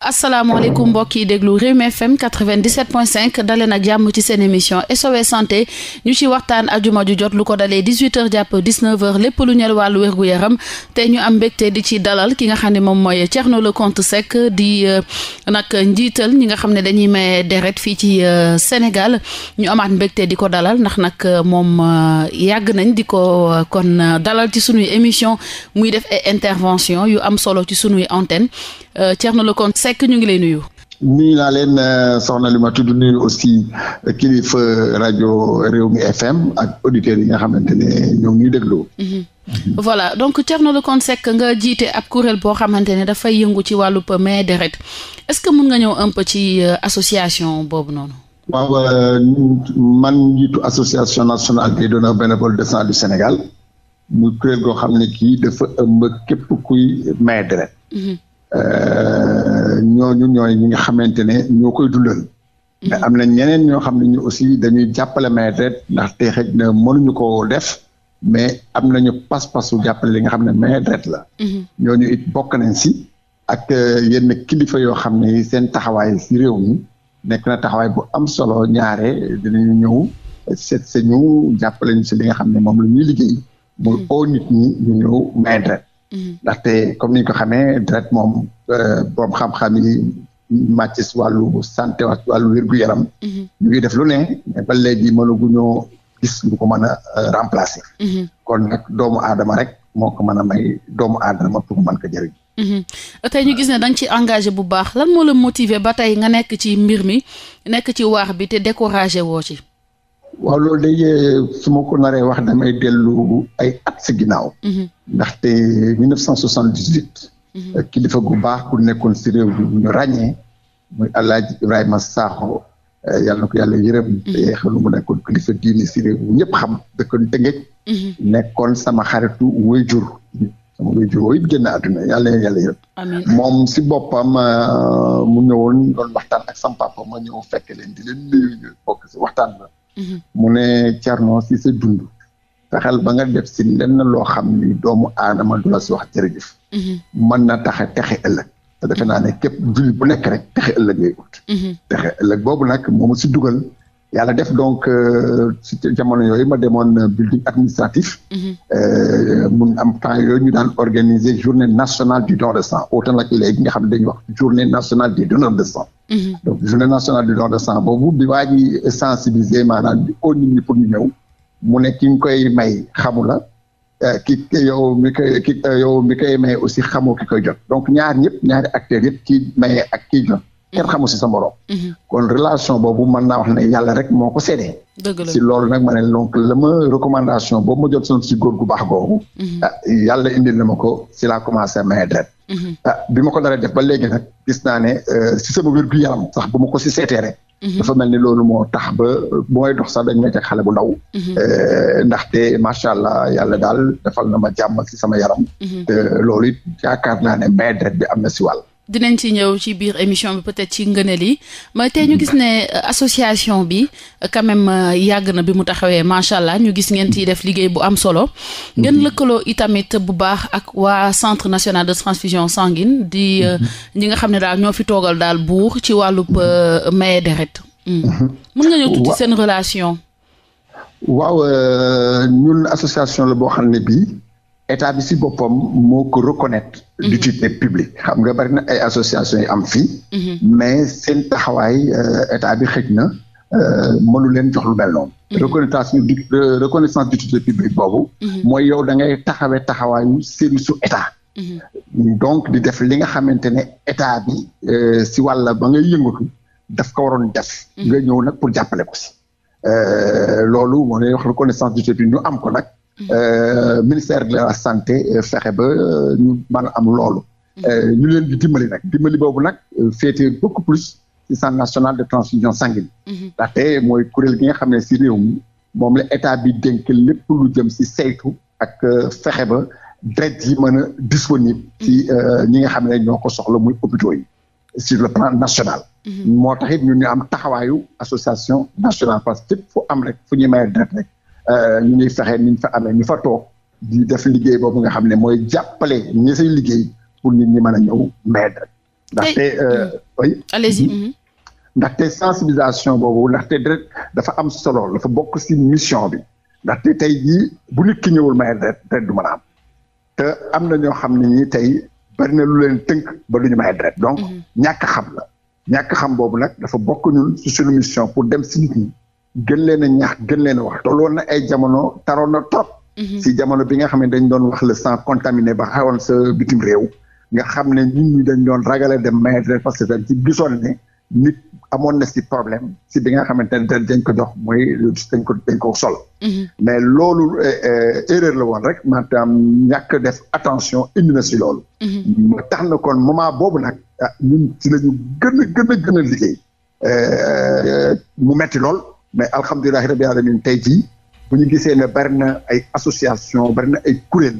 asalaamaaleykum mbokk yi déglu Rewmi FM 97.5 daleen ak jàmm ci seen émission SOS santé ñu ci waxtaan ajuma ju jot lu ko dalee 18h jàpp 19h lépp lu ñel wàllu wérgu yaram te ñu am mbégte di ci dalal ki nga xam ne moom mooy Thierno Lecompte Seck di euh, nag njiital ñi nga xam ne dañuy maye deret fii ci euh, Sénégal ñu amaat mbégte di ko dalal ndax nag euh, moom yàgg nañ di ko kon dalal ci sunuy émission muy def ay intervention yu am solo ci sunuy antenne Thierno Lecompte Seck ñu ngi lay nuyu. nuyu naa leen euh, soxna li ma tudd nuyu aussi kilifa rajo mi FM ak auditeurs yi nga xamante ne ñoo ngi déglu. Mhm. voilà donc Thierno Lecompte Seck nga jiite ab kuréel boo xamante ne dafay yëngu ci wàllub main deret est-ce que mun nga ñëw un peu ci euh, association boobu noonu. waaw euh, man njiitu association nationale des donneurs bénévoles de sang du Sénégal muy kuréel goo xam ne kii dafa ëmb képp kuy main deret Euh, ñooñu ñooy ñi nga xamante ne ñoo koy dundal. Mm-hmm. mais am na ñeneen ñoo xam ne ñu aussi dañuy jàppale may ndax te xëj na mënuñu koo def mais am nañu pas-pasu jàppale li nga xam ne may retraite la. Mm-hmm. ñooñu it bokk nañ si. ak euh, yenn kilifa yoo xam ne seen taxawaay si réew mi nekk na taxawaay bu am solo ñaare dinañu ñëw seet sañu jàppale ñu si li nga xam ne moom la ñuy liggéey. muy mm-hmm. oo nit ñi ñu ñëw may retraite Mm-hmm. ndaxte comme ni ñu ko xamee direct moom euh, borom xam-xam yi màcc si wàllu santé wax wàllu wér yaram mm-hmm. ñu ngi def lu ne mais ba léegi mënaguñoo gis lu ko mën a euh, remplacer. Mm-hmm. kon nag doomu aadama rek moo ko mën a may doomu aadama pour mën ko jëriñ. tey ñu gis ne da ci engagé bu baax lan moo la motiver ba tey nga nekk ci mbir mi nekk ci waax bi te découragé woo ci. waaw loolu day su ma ko naree wax damay dellu ay at si ginnaaw. Mhm. ndaxte 1978. Mhm. kilifa gu baax ku nekkoon si réew bi ñu mooy muy El Hadj Ibrahima Sakho eh, yàlla na ko yàlla yërëm. Mhm. te nekkoon kilifa ñëpp xam dëkkoon Tëngéej. nekkoon sama xaritu waajur. sama waajur woowu yàlla yàlla moom si boppam eh, mu ñëwoon doon waxtaan ak sama papa ma ñëw fekk leen di leen waxtaan mu ne Thierno si se dund taxal ba nga def si lenn loo xam ni doomu aadama du la si wax jërëjëf mën na tax a texe ëllëg te defe naa ne képp jullit bu nekk rek texe ëllëg mhm. boobu nag moom si dugal yàlla def donc euh, ci jamono yooyu ma demoon building administratif. Mhm. Euh, mun am temps yooyu ñu daan organiser journée nationale du don de sang autant la léegi nga xam ne dañuy wax journée nationale des donneurs de sang. Mhm. donc journée nationale du don de sang boobu bi waa ji sensibiliser maanaam o au nit ñi pour ñu ñëw mu ne ki nga koy may xamu la euh, ki yow mi koy ki yow mi koy may aussi xamoo ki koy jot donc ñaar ñëpp ñaari acteurs yëpp ki maye ak ki jot. kenn xamu si sa morom. Mhm. kon relation boobu mën naa wax ne yàlla rek moo ko séddee. dëgg la si loolu nag ma ne donc la ma recommandation boobu son si góor gu baax googu. Mhm. Ah, yàlla indil na ma ko si laa commencé maye deret. Mhm. Ah, bi ma ko dara def ba léegi na gis naa ne euh, si sama wér gu yaram sax bu ma ko si seetee rek. dafa mel ni loolu moo tax ba bu may dox sax dañ may teg bu ndaw. Euh, ndaxte macha allah yàlla daal defal na ma jàmm si sama yaram. Euh, loolu it yaakaar naa ne bi am na si dinañ ci ñëw ci biir émission bi peut-être ci ngëne yi ma tey ñu gis ne euh, association bi euh, quand même euh, yàgg na bi mu taxawee macha allah ñu gis ngeen ciy def liggéey bu am solo. ngeen mhm. lëkkaloo itamit bu baax ak waa centre national de transfusion sanguine di mhm. ñi nga xam ne daal ñoo fi toogal daal buur ci wàllu maye deret. Hmm. Mhm. mën nga ñëw tuuti seen relation. waaw ñun association la boo xam ne bii. état bi si boppam moo ko reconnaître d'utilité mhm. publique xam nga bari na ay association yi am fii mhm. mais seen taxawaay euh, état bi xëj na euh, mënu leen jox lu mel noonu mhm. reconnaissance euh, reconnaissance d'utilité publique mooy yow da ngay taxawee taxawaayu service état donc di def li nga xamante ne état bi si wàlla ba ngay daf ko waroon def nga ñëw nag pour jàppale ko si loolu moo lay wax reconnaissance d'utilité publique ñu am ko nag Euh, ministère de la santé euh, fexe ba euh, ñu mën a am loolu. Mm-hmm. ñu leen di dimbali nag dimbali boobu nag féete beaucoup plus ci centre national de transfusion sanguine. Mm-hmm. ndaxte mooy kuréel gi nga xam ne si réew moom la état bi dénk lépp lu jëm si saytu ak fexe ba deret yi mën a disponible. ci mm-hmm. ñi nga xam ne ñoo soxla muy hôpitaux yi. sur le plan national. moo tax it ñun ñu am taxawaayu association nationale parce que fépp am rek fu ñuy maye rek. Euh, ñu ñuy fexee niñ fa amee ñu fa toog di def liggéey boobu nga xam ne mooy jàppale ñi say liggéey pour nit ñi mën a ñëw maître ndaxte euh, mm-hmm. oui allez-y mm-hmm. Mm-hmm. ndaxte sensibilisation boobu ndaxte deret dafa am solo dafa bokk si mission bi ndaxte tey jii bu nit ki ñëwul maye deret deret du mën am te am na ñoo xam ne ñi tey bari na lu leen tënk ba du ñu maye deret donc ñàkk xam la ñàkk xam boobu nag dafa bokk ñun ci suñu mission pour dem si nit ñi gën leen a ñaax gën leen a wax te loolu na ay jamono taroon na trop. Mhm. si jamono bi nga xam ne dañ doon wax le sang contaminé ba xawoon sa bitim réew. nga xam ne ñu ñi dañ doon ragale dem maître parce que dañ ci gisoon ne nit amoon na si problème si bi nga xamante ne dañ ko jox mooy dañ ko dañ ko sol. Mhm. mais loolu eh, eh, erreur la woon rek maanaam ñàkk def attention indi na si loolu. Mhm. tax na kon moment boobu nag si ah, la ñu gën a gën a gën a liggéey. Eh, mu metti lool. mais alhamdulilahi rabbi alamin tey jii bu ñu gisee ne bari na ay association bari na ay kuréel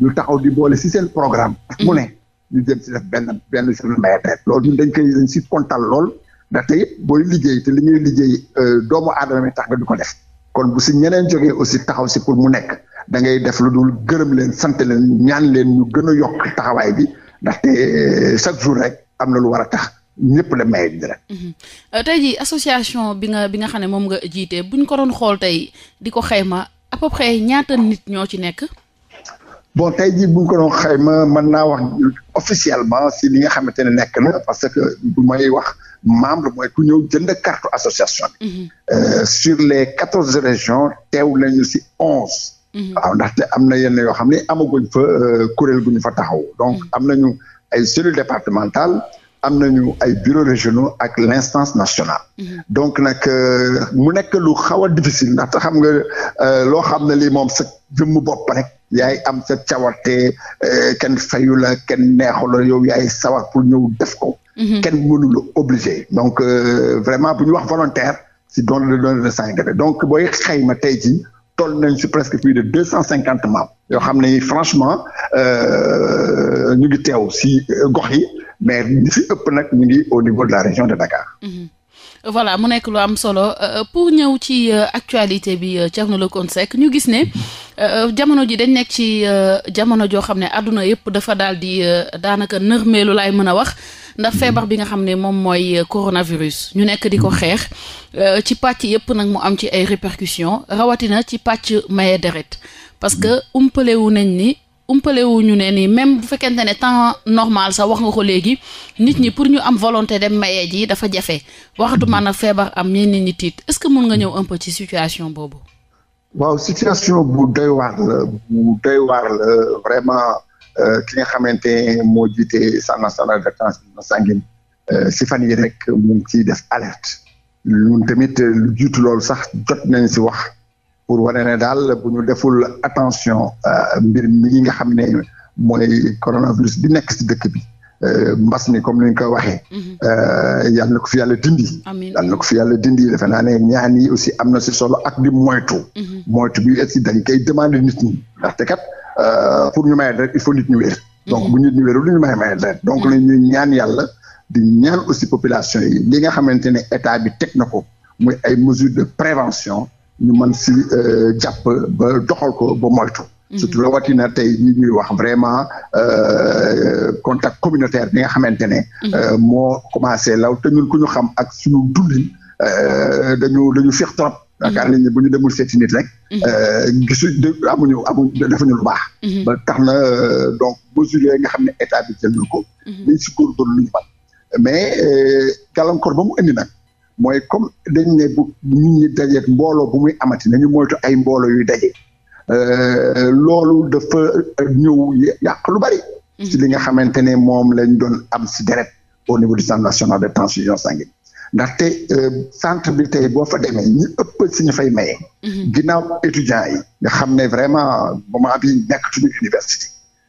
ñu taxaw di boole si seen programme mu ne ñu jëm si def benn benn journée mbayteet loolu ñun dañ koy dañ si kontaan lool ndaxte tey booy liggéey te li ngay liggéey euh, doomu aadama mi tax nga di ko def kon bu si ñeneen jógee aussi taxaw si pour mu nekk da ngay def lu dul gërëm leen sant leen ñaan leen ñu gën a yokk taxawaay bi ndaxte euh, chaque jour rek am na lu war a tax ñëpp la maye dara. Mhm. Euh, tey jii association bi nga bi nga xam ne moom nga jiite buñ ko doon xool tey di ko xayma à peu ñaata nit ñoo ci nekk. bon tey ji buñ ko doon xayma man naa wax officiellement si li nga xamante ne nekk na parce que bu may wax membre mooy ku ñëw jënd carte association bi. Mhm. Euh, sur les quatorze régions teew nañu si onze. Mhm. waaw ndaxte am na yenn yoo xam ne amaguñ fa euh, kuréel gu ñu fa taxaw donc am nañu ay cellules départemental am nañu ay bureaux régionaux ak l' instance nationale. Mhm. donc nag euh, mu nekk lu xaw a difficile ndaxte xam nga euh, loo xam ne lii moom sa jëmm bopp rek. yaay am sa cawarte euh, kenn fayu la kenn neexu la yow yaay sawar pour ñëw def ko. Mhm. kenn mënu la obligé. donc vraiment bu ñu wax volontaire si don de don de sang donc booy xayma tey ci toll nañ si presque puis de deux cent cinquante membres yoo xam ne franchement ñu ngi teew si gox yi. mais li si ëpp nag ñu ngi au niveau de la région de Dakar. Mm-hmm. voilà mu nekk lu am solo euh, pour ñëw ci euh, actualité bi euh, Thierno Lecompte Seck ñu gis ne jamono ji dañ nekk ci jamono joo xam ne àdduna yëpp dafa daal di daanaka nërmeelu laay mën a wax ndax feebar bi nga xam ne moom mooy coronavirus ñu nekk di ko mm-hmm. xeex ci pàcc yëpp nag mu am ci ay répercussions rawatina ci pàcc maye deret parce que mm-hmm. umpale nañ ni. umpale wu ñu ne ni même bu fekkente ne temps normal sax wax nga ko léegi nit ñi pour ñu am volonté dem mayee ji dafa jafe wax du man feebar am ñenn nit ñi tiit est-ce que mun nga ñëw un peu ci situation boobu. waaw situation bu doy waar la bu doy vraiment euh, ki nga xamante moo jiite centre national de transfusion euh, si fan yi rek mu ngi ciy def alerte. tamit lu jiitu loolu sax jot nañ si wax. pour wane ne daal bu ñu deful attention euh, mbir mi nga xam ne mooy coronavirus bi nekk ci dëkk bi euh, mbas mi comme ni nga ko waxee. Mhm. Euh, yal na ko fi yàlla dindi. amiin yal na ko fi yàlla dindi defe naa ne ñaan yi am na ci solo ak di moytu. Mhm. moytu bi aussi dañ koy demander nit ñi ndaxte kat pour ñu may deret il faut nit ñu wér. Mhm. donc bu nit ñu wérul du ñu may may deret donc la ñuy ñaan yàlla di ñaan aussi population yi li nga xamante ne état bi teg na ay mesures de prévention. ñu mën si euh, jàpp ba doxal ko ba moytu. Mhm. surtout rawatina tey ñi ñuy wax vraiment euh, contact communautaire bi nga xamante ne. Mhm. Euh, moo commencé law te ñun ku ñu xam ak suñu dundin dañu dañu féex trop. yaakaar mhm. nañ ne bu ñu demul seeti nit rek. gisu amuñu amuñu defuñu lu baax. ba tax na donc mesures yooyu nga xam ne état bi jël na ko. mais si góorgóorlu lu ñu mais gàllankoor ba mu indi nag. mooy comme dañ ne bu ñu ñi dajeet mbooloo bu muy amati nañu moytu ay mbooloo yu daje euh, loolu dafa ñëw yàq lu bari. ci li nga xamante ne moom lañ doon am si deret au niveau de centre national de transfusion sanguine ndaxte euh, centre bi tey boo fa demee ñu ëpp ci ñu fay maye. Mhm. ginnaaw étudiants yi nga xam ne vraiment moment bi nekk tuñu université.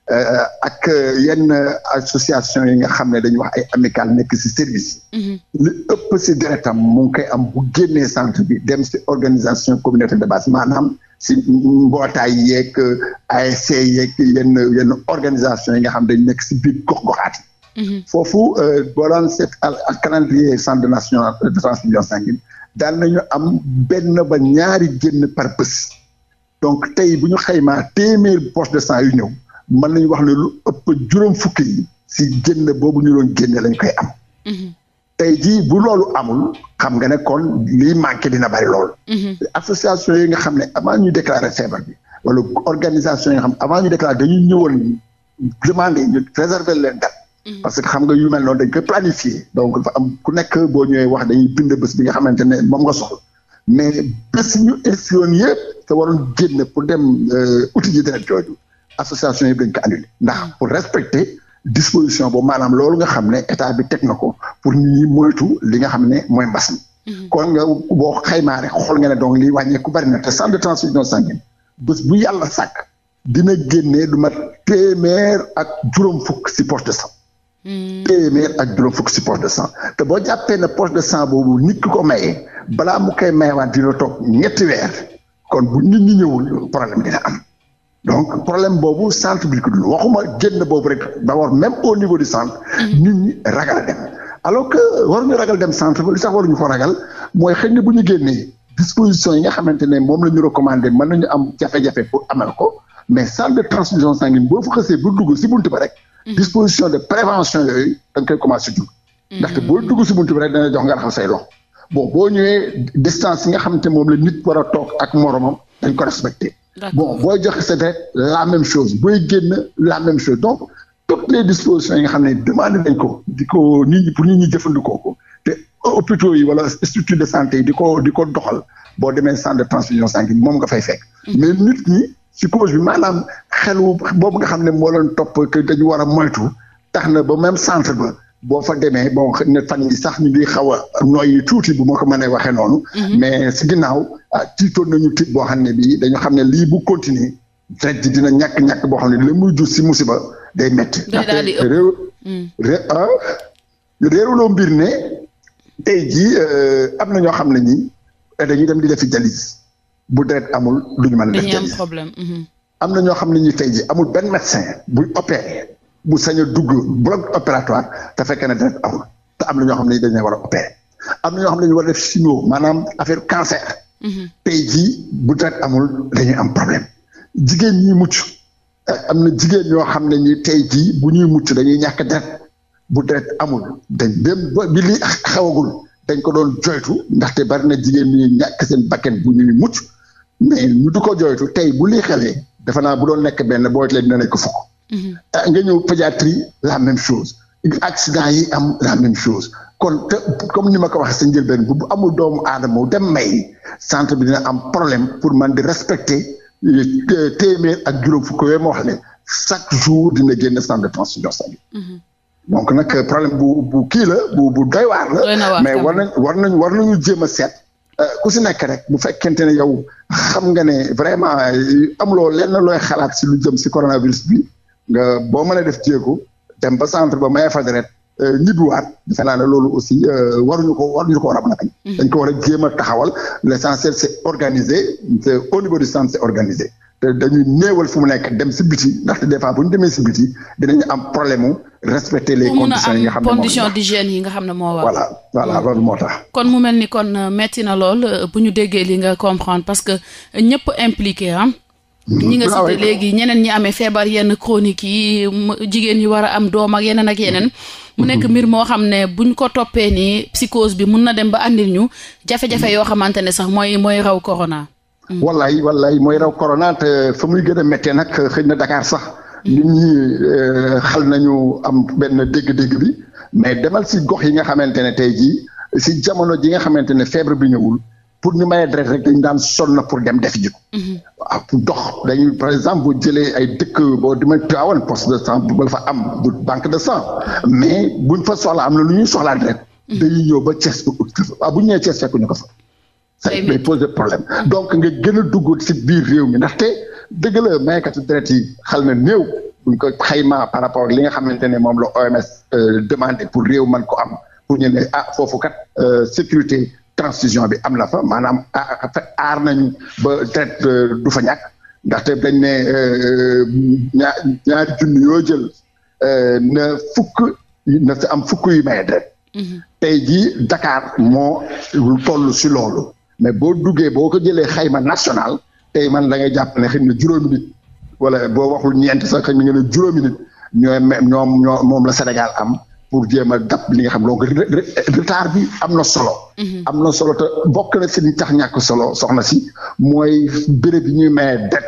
Euh, ak euh, yenn euh, association yi nga xam ne dañuy wax ay amical nekk si service mhm. lu ëpp si deretam mu ngi koy am bu génnee centre bi dem si organisation communautaire de base maanaam si mbootaay yeeg ASC yeeg yenn yenn organisation yi nga xam ne dañu nekk si biir gox-goxaat yi mhm. foofu boo doon seet ak calendrier centre national de transfusion sanguine daal nañu am benn ba ñaari génn par bés donc tey bu ñu xaymaa téeméer poche de sang yu ñëw mën nañu wax ne lu ëpp juróom fukki yi si génne boobu ñu doon génne lañ koy am. Mhm. tey jii bu loolu amul xam nga ne kon lii manqué dina bari lool. Mhm. association yi nga xam ne avant ñu déclarer feebar bi wala organisation yi nga xam avant ñu déclarer dañu ñëwoon demander ñu réserver leen date. Mhm. parce que xam nga yu mel noonu dañ koy planifier donc dafa am ku nekk boo ñëwee wax dañuy bind bés bi nga xamante ne moom nga soxla mais bés ñu inscription yëpp te waroon génn pour dem euh, outil ji deret jooju association yëpp dañ ko annulé ndax mm. pour respecter disposition boobu maanaam loolu nga xam ne état bi teg na ko pour nit ñi moytu li nga xam ne mooy mbas mi. Mm-hmm. kon nga boo xaymaa rek xool nga ne donc lii wàññeeku bari na te centre de transfusion sanguine bés bu yàlla sàkk dina génnee du mat téeméer ak juróom fukk si poche de sang. Mm. ak juróom fukk si poche te boo jàppee ne poche de sang boobu nit ki ko mayee balaa mu koy mayewaat dina toog ñetti weer kon bu nit ñi ñëwul problème dina am. donc problème boobu centre bi du waxuma génn boobu rek d'abord même au niveau du centre. Mhm. nit ñi ragal dem. alors que waruñu ragal dem centre bi li sax waruñu ko ragal mooy xëy na bu ñu génnee disposition yi nga xamante ne moom la ñu recommandé mën nañu am jafe-jafe pour ko mais centre de transfusion sanguine boo fa xasee bu dugg si buntu ba rek. Mhm. disposition de prévention yooyu da nga commencé jug. Mhm. ndaxte boo dugg si buntu bi rek dana jox nga raxas say loxo. bon boo ñëwee distance yi nga xamante moom la nit war a toog ak moromam dañ ko respecté. bon booy joxe sa deret la même chose booy génn la même chose donc toutes les dispositions yi nga xam ne demandé nañ ko di ko nit ñi pour nit ñi jëfandikoo ko te hôpitaux yi wala structure de santé yi di ko di ko doxal boo demee centre de transfusion sanguine moom nga fay fekk mm-hmm. mais nit ñi ci cause bi maanaam xelu boobu nga xam ne moo leen topp que dañu war a moytu tax na ba même centre ba boo fa demee bon ne fan yi sax ñu ngi xaw a tuuti bu ma ko mënee waxee noonu. Mhm. mais si a ah, tiitoon nañu tiit boo xam ne bii dañoo xam ne lii bu continuer deret ji dina ñàkk ñàkk boo xam ne la muy jur si musiba day métti. day réew mm. ah, réewloo mbir ne tey jii euh, am na ñoo xam ne ñi dañuy dem di defi dialyse bu deret amul duñu mën a def dialyse mhm. am na ñoo xam ne ñi tey jii amul benn médecin buy opérer. bu sañ dugg bloc opératoire te fekkee ne deret amul te am na ñoo xam ne dañ war a opérer am na ñoo xam ne dañu war a def chimio maanaam affaire cancer. Mhm. tey jii bu deret amul dañuy am problème jigéen ñi mucc. Eh, am na jigéen ñoo xam ne ñi tey jii bu ñuy mucc dañuy ñàkk deret bu deret amul dañ dem ba bi li xewagul dañ ko doon joytu ndaxte bari na jigéen ñi ñàkk seen bakken bu ñuy mucc mais ñu du ko joytu tey bu lii xewee dafa naa bu doon nekk benn booyet leen dina nekk fukk Euh, nga ñëw pédiatrie la même chose accident yi am la même chose kon comme ni ma ko waxee sa njëlbeen bu amul doomu aadama dem may centre bi dina am problème pour man di respecter téeméer ak juróom fukk yooyu ma wax leen chaque jour dina génn centre de transfusion sanguine mhm. donc nag euh, problème bu bu kii la bu bu doy waar la mais war nañ war nañ jéem a seet euh, ku si nekk rek bu fekkente ne yow xam nga ne vraiment amuloo lenn looy xalaat si lu jëm si coronavirus bi nga boo mënee def jéego dem ba centre ba mayee fa deret euh, ñibbiwaat defe naa ne loolu aussi euh, waruñu ko waruñu ko mm-hmm. war a mën a bañ dañ l' essentiel c' est organisé au niveau du centre c' mu nekk dem si biti ndaxte des fois bu ñu demee si biti dinañu am problème mu respecter les yi nga xam ne moo war mm-hmm. moo tax kon mu mel ni kon euh, metti lool bu ñu déggee li nga comprendre parce que ñëpp impliqué am Mm-hmm. ñi nga ah, cité léegi ñeneen ñi amee feebar yenn chronique yi jigéen ñi war a am doom ak yeneen ak mm-hmm. yeneen. mu nekk mm-hmm. mbir moo xam ne buñ ko toppee nii psychose bi mun na dem ba andil ñu jafe-jafe yoo xamante ne sax mooy mooy raw corona. Mm. wallaay wallaay mooy raw corona te fa muy gën a méttee nag xëy na Dakar sax. Mm. nit euh, xal nañu am benn dégg-dégg bi mais demal si gox yi nga xamante ne tey jii si jamono ji nga xamante ne feebar bi ñëwul. pour ñu mayee deret rek dañu daan sol na pour dem def ji ko. Mhm. waaw dox dañuy par exemple boo jëlee ay dëkk boo demee Tivaouane poste de sang bu fa am du banque de sang mais buñ fa soxla am na lu ñuy soxlaa deret mhm. dañuy ñëw ba Thiès ba ut waaw bu ñu ñëwee Thiès fekkuñu ko fa. day day poser problème mhm. donc nga gën a dugg ci biir réew mi ndaxte dëgg la maykatu deret yi xal na néew. buñ ko xayma par rapport ak li nga xamante ne moom la OMS euh, demander pour réew man ko am pour ñu ne ah foofu kat euh, sécurité transfusion bi am na fa maanaam aar nañ ba traite euh, du fa ñàkk ndaxte dañ ne euh, euh, ñaar ñaar yoo jël na fukk na si am fukk yu may deret mhm. tey jii Dakar moo toll si loolu mais boo duggee boo ko jëlee xayma national tey man da ngay jàpp ne xëy na juróomi nit wala boo waxul ñeent sax xëy na nga ne ñoom moom la Sénégal am pour jéem a dab li nga xam donc retard bi am na solo. Mhm. am na solo te bokk na si li tax ñàkk solo soxna si mooy béréb yi ñuy maye det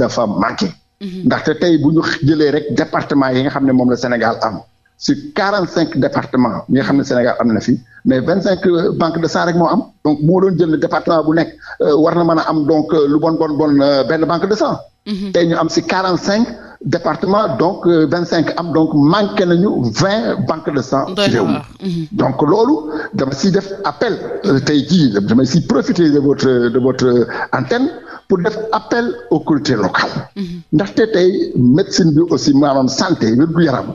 dafa manqué. Mhm. ndaxte tey bu ñu jëlee rek département yi nga xam ne moom la Sénégal am sur quarante cinq département yi nga xam ne Sénégal am na fi mais vingt cinq banque de sang rek moo am donc moo doon jël département bu nekk euh, war na mën a am donc euh, lu bon bon bon euh, benn banque de sang. Mhm. tey ñu am si quarante cinq département donc euh, vingt cinq am donc manqué nañu vingt banques de sang ci réew mhm. donc loolu dama si def appel euh, tey jii dama si profiter de votre de votre antenne pour def appel aux collectivités locales mhm. ndaxte tey médecine bi aussi maanaam santé wér yaram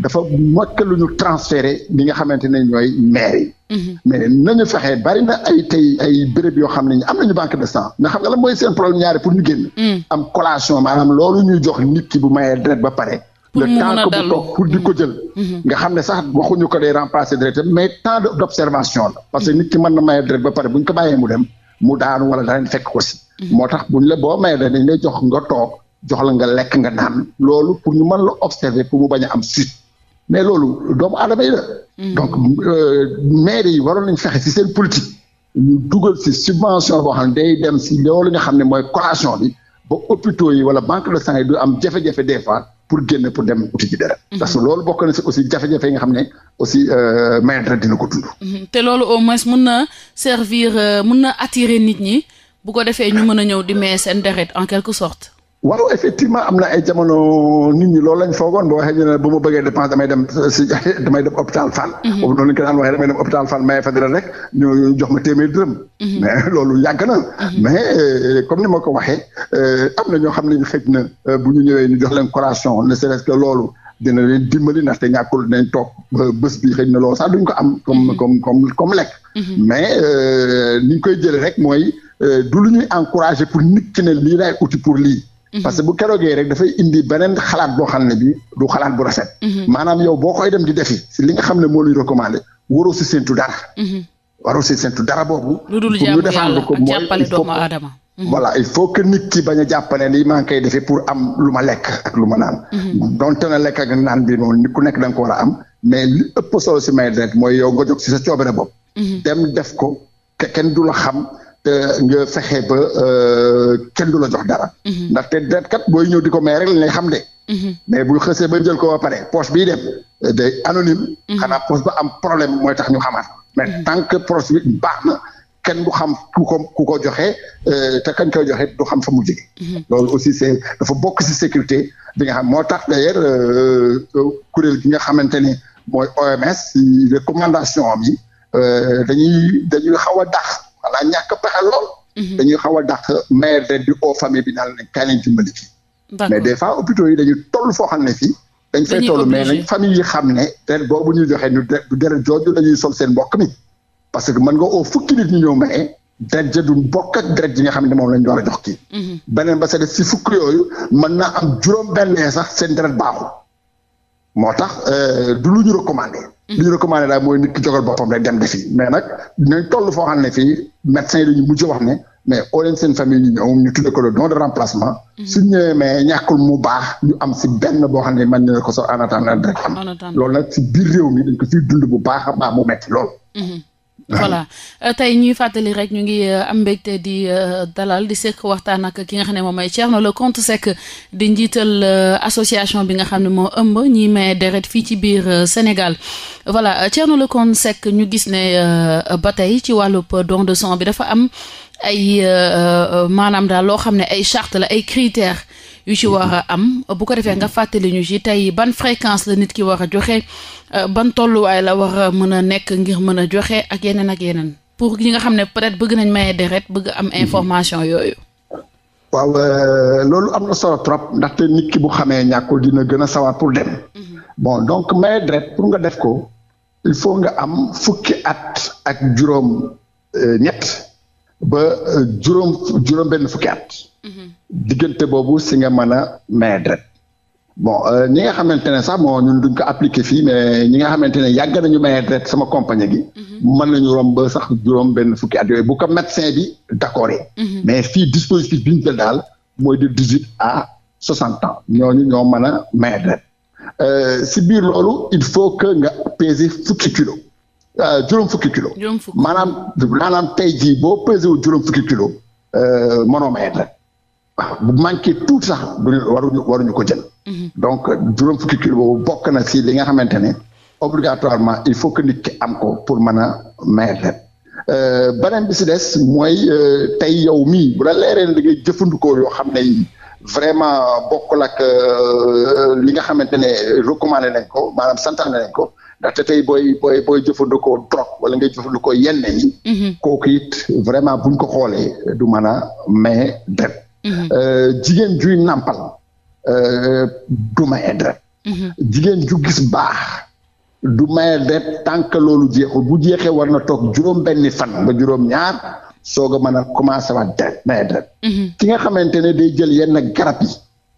dafa mokk lu ñu transféré li nga xamante ne ñooy maire yi. Mhm. mais nañu fexe bari na ay tey ay béréb yoo xam ne am nañu banque de sang nga xam nga la mooy seen problème ñaari pour ñu génn. Mm. am collation loolu ñuy jox nit ki bu mayee deret ba pare. le temps que mu toog ko jël. Mm. Mhm. nga xam ne sax waxuñu ko day remplacer deret mais temps d' observation parce que mm. nit ki mën na mayee deret ba pare bu ñu ko bàyyee mu dem mu daanu wala danañ fekk ko si. moo tax buñ la boo mayee deret dañ lay jox nga toog jox la nga lekk nga naan loolu pour ñu mën la observer pour mu bañ a am suite. mais loolu doomu aadama yi la. Mm-hmm. donc euh, maire yi waroon nañ fexe ci seen politique. ñu dugal ci subvention boo xam ne day dem ci loolu nga xam ne mooy collation bi ba hôpitaux yi wala banque de sang du am jafe-jafe des fois pour génn pour dem uti ci dara. Mm-hmm. parce que loolu bokk na ci aussi jafe-jafe nga xam ne aussi euh, maire dina ko dund. Mm-hmm. te loolu au moins mun na servir euh, mun na attirer nit ñi bu ko defee ñu mën a ñëw di may seen deret en quelque sorte. waaw effectivement am na ay jamono nit ñi loolu lañ foogoon boo waxee ñu ne bu ma bëggee dépense damay dem euh, si damay dem hôpital Fann. Mhm. boobu noonu lañ ko daan waxee damay dem hôpital Fann maye fa rek ñu jox ma téeméer dërëm. Mhm. mais loolu yàgg na. Mhm. mais euh, comme ni ma ko waxee euh, am na ñoo xam ne xëj na bu ñu ñëwee ñu jox leen collation ne serait-ce que loolu. dina leen dimbali ndaxte ñàkkul nañ toog bés bi na loolu sax duñ ko am comme comme comme comme lekk mais ni ñu koy jëlee rek mooy du lu ñuy encouragé pour nit ki ne lii laay uti pour lii Mhm. parce que bu kerogee rek dafay indi beneen xalaat boo xam ne bi du xalaat bu rafet. Mhm. maanaam yow boo koy dem di defi si li nga xam ne moo luy recommandé waroo mhm. boobu. il faut que nit ki bañ a jàpp ne nii pour am lu lekk ak lu ma naan. donte na lekk naan bi noonu nit nekk da nga a am mais li ëpp solo si may rek mooy yow nga si sa coobare bopp. dem def ko kenn du xam. nga fexe ba euh, kenn du la jox dara. Mhm. ndaxte dette kat booy ñëw di ko may rek lañ lay xam de. Mhm. mais bul xësee ba jël ko ba pare poche bii dem euh, day anonyme. Mhm. xanaa poche ba am problème mooy tax ñu xamaat. mais tant que poche bi baax na. kenn du xam ku ko ku ko joxe euh, te kañ ko joxe du xam fa mu jóge loolu aussi c'est dafa bokk si sécurité bi nga xam moo tax d'ailleurs kuréel gi nga xamante ne mooy OMS recommandation am yi dañuy dañuy dax xanaa ñàkk pexe lool. Mhm. dañuy xaw a dàq maire de du o famille bi daal ne kaay lañ dimbali fii. mais des fois hôpitaux yi dañu toll foo xam ne fii. dañ fay toll mais nañ famille yi xam ne deret boobu ñuy joxe du deret jooju la ñuy seen mbokk parce que mën nga oo fukki nit ñu ñëw maye deret ja du bokk ak deret yi xam ne moom lañ war a jox kii mhm. beneen ba sa def si fukk yooyu mën na am juróom benn sax seen deret baaxul moo tax euh, du lu ñu recommandé li ñu recommandé daal mooy nit ki jógal boppam rek dem defi mais nag dinañ toll foo xam ne fii médecin yi dañu mujj wax ne mais oo leen seen famille ñu ñëw ñu tuddee ko le don de remplacement. Mm. suñ ñëwee mais ñàkkul mu baax ñu am si benn boo xam ne man ne ko sax en attendant rek am. loolu nag si biir réew mi dañ ko siy dund bu baax a baax mu metti lool. Mm-hmm. voilà euh, tey ñuy fàttali rek ñu ngi euh, am mbégte di euh, dalal di sekk waxtaan ak ki nga xam ne moom mooy Thierno Lecompte Seck di njiital association bi nga xam ne moo ëmb ñii maye deret fii ci biir Sénégal voilà Thierno Lecompte Seck ñu gis ne ba tey ci wàllub donc de sang bi dafa am ay maanaam daal loo xam ne ay charte la ay critères yu ci war a am bu ko defee nga fàttali ñu ci tey ban fréquence la nit ki war a joxe. Euh, ban tolluwaay la war a mën a nekk ngir mën a joxe ak yeneen ak yeneen pour ñi nga xam ne peut-être bëgg nañ maye deret bëgg am mhm. information yooyu. waaw euh, loolu am na solo trop ndaxte nit ki bu xamee ñàkkul dina gën a sawar pour dem. Mhm. bon donc maye deret pour nga def ko. il faut nga am fukki at ak juróom euh, ñett ba juróom benn fukki at mhm. diggante boobu si nga mën a maye deret bon euh, ñi nga xamante ne sax moo ñun duñ ko appliqué fii mais ñi nga xamante ne yàgg nañu maye retraite sama compagnie gi. Mhm. mën nañu romb ba sax juróom benn fukki at yooyu bu ko médecin bi d'accord mhm. mais fii dispositif bi ñu jël daal mooy de dix huit à soixante ans ñooñu ñoo mën a maye retraite euh, si biir loolu il faut que nga peser fukki kilo euh, juróom fukki kilo maanaam maanaam tey jii boo pesé wu juróom fukki kilo mënoo maye retraite bu manqué tout sax du waruñu waruñu ko jël. Mhm. donc juróom fukki kilo boobu bokk na si li nga xamante ne obligatoirement il faut que nit ki am ko pour mën a maigrir. Euh, beneen bi si des mooy euh, tey yow mi bu la leeree ne da ngay jëfandikoo yoo xam ne vraiment bokkul ak euh, li nga xamante ne recommandé nañ ko maanaam santaane nañ ko ndaxte tey booy booy booy jëfandikoo drogue wala ngay jëfandikoo yenn yi. Mhm. kooku vraiment buñ ko xoolee du mën a may Mm-hmm. Euh, jigéen juy nàmpal euh, du maye deret mm-hmm. jigéen ju gis baax du maye deret tant que loolu jeexul bu jeexe war na toog juróom benni fan ba juróom ñaar soog a mën a commencé waat deret maye deret ki nga xamante ne day jël yenn garab yi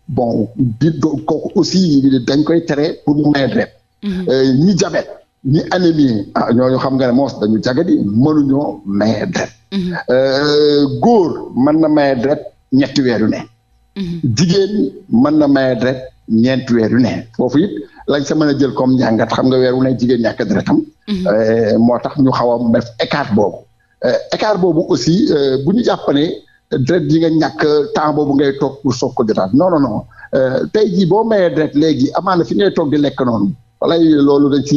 bon di do kooku aussi dañ koy tere pour mu maye deret mm-hmm. euh, ñi jabet ñi anémie ah, ñooñu xam nga ne moos dañu jagadi mënuñoo maye deret góor mën na maye deret ñetti weeru ne mm-hmm. jigéen mën na maye deret ñeenti weeru ne foofu it lañ sa mën a jël comme njàngat xam nga weeru ne jigéen ñàkk deretam mm-hmm. eh, moo tax ñu xaw a def écart boobu eh, écart boobu aussi eh, bu ñu jàpp ne deret yi nga ñàkk temps boobu ngay toog pour soog ko jotaat non non non tey jii boo mayee deret léegi amaana fi ngay toog di lekk noonu wala loolu dañ ci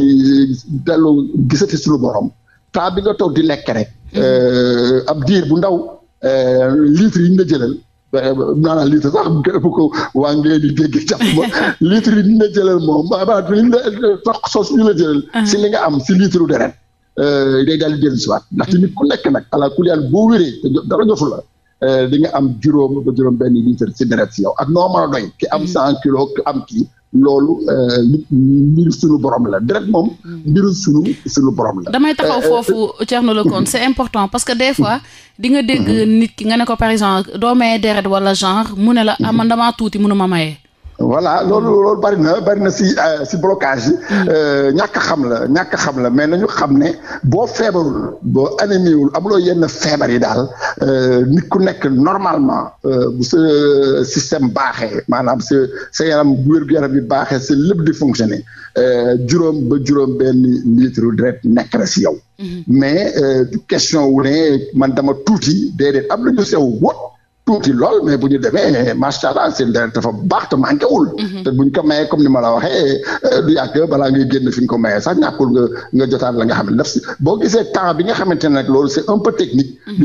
dellu gisati suñu borom temps bi nga toog di lekk rek mm-hmm. ab diir bu ndaw litre yi ñu la jëlal maanaam litre sax gën a ko waa ngeen di dégg jàpp ma litre yi ñu la jëlal moom maanaam li ñu la toq sos ñu la jëlal. Ah. si li nga am si litre deret euh, day daal di dellu si waat ndaxte nit ku nekk nag ala kulli aal boo wéree te dara jofu la. Euh, di nga am juróom juróom benn litre si deret si yow ak noo mën a doy ki am mm. cent kilo ki am kii loolu euh, mbiru suñu borom la deret moom. Mm. mbiru suñu suñu borom la. damay taxaw euh, euh, foofu Thierno Laconte c'est important parce que des fois. di nga dégg mm-hmm. nit ki nga ne ko par exemple doo maye deret wala genre mu ne la mm-hmm. ah man damaa tuuti mënuma maye. voilà loolu loolu bari na bari na si euh, si blocage yi. Mm. Euh, ñàkk xam la ñàkk xam la mais nañu xam ne boo feebarul boo anémie wul amuloo yenn feebar yi daal euh, nit ku nekk normalement bu sa système baaxee maanaam sa sa yaram wér yaram bi baaxee si lépp di fonctionner juróom ba juróom benn litre deret nekk na si yow. Mm-hmm. mais question wu ne man dama tuuti déedéet am na sew wóot. tuuti lool mais bu ñu demee macha seen deret dafa baax te manqué wul. Mhm. te bu ñu mayee comme ni ma la waxee euh, du yàgg balaa ngay génn fi ñu ko mayee sax ñàkkul nga nga la nga xam ne daf si boo gisee temps bi nga xamante ne nag loolu c'est un peu technique. Mhm.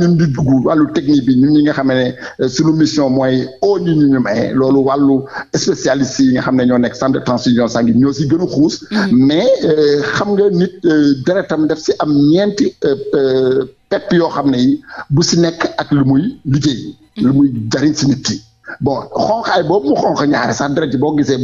duñ si bi ñun ñi nga xam ne euh, suñu mission mooy oo ñu ñu mayee loolu wàllu spécialiste yi nga xam ne ñoo nekk centre de transfusion sanguine ñoo si gën a mhm. mais euh, xam nga nit deretam daf si am ñeenti. pepp yoo xam ne yi bu si nekk ak lu muy liggéey lu muy jariñ si nit ki bon xonqaay boobu mu xonq ñaari sax deret ji boo gisee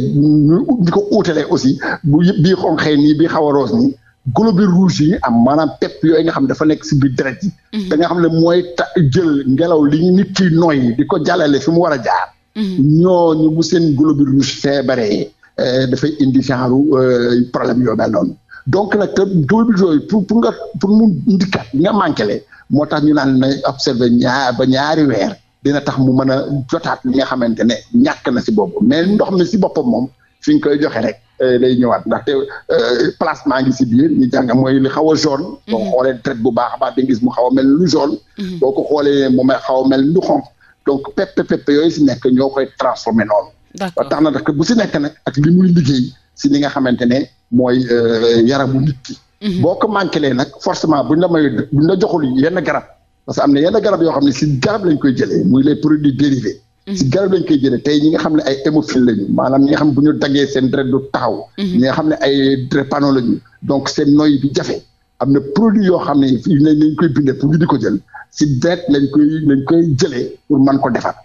ñu ñi ko uutalee aussi bu bii xonqee nii bii xaw a roos nii globules rouges yi am maanaam pepp yooyu nga xam dafa nekk si biir deret ji mm-hmm. da nga xam ne mooy ta jël ngelaw li nit ki nooy di ko jàllale fi mu war a jaar mm-hmm. ñooñu bu seen globules rouges feebaree eh, dafay indi genre euh, problème yoo mel noonu donc nag double yooyu pour pour nga pour mu ndikkaat li nga manqué le moo tax ñu naan na observé ñaar ba ñaari weer dina tax mu mën a jotaat li nga xamante ne ñàkk na si bopp mais ndox mi si boppam moom fi nga koy joxe rek lay euh, ñëwaat ndaxte euh, place maa ngi si biir ñu jàng mooy li xaw a jaune. Mhm. boo xoolee traite bu baax baax di gis mu xaw a mel lu jaune. Mhm. boo ko xoolee mu may xaw a mel lu xonq donc pepp pepp yooyu si nekk ñoo koy transformé noonu. ba tax na nag bu si nekk nag ak li muy liggéey. si li nga xamante ne mooy euh, yaramu nit mhm. boo ko manqué lee nag forcément buñ la may buñ la joxul yenn garab parce que am na yenn garab yoo xam ne si garab lañ koy jëlee muy les produits dérivés. Mhm. si garab lañ koy jëlee tey ñi xam ne ay hémophile lañu maanaam ñi bu ñu daggee seen deret du taxaw. Mhm. ñi nga xam ne ay drépano lañu donc seen noyyi bi jafe am na produit yoo xam ne fii lañ koy bindee ko jël si deret lañ koy lañ koy jëlee pour man ko defar.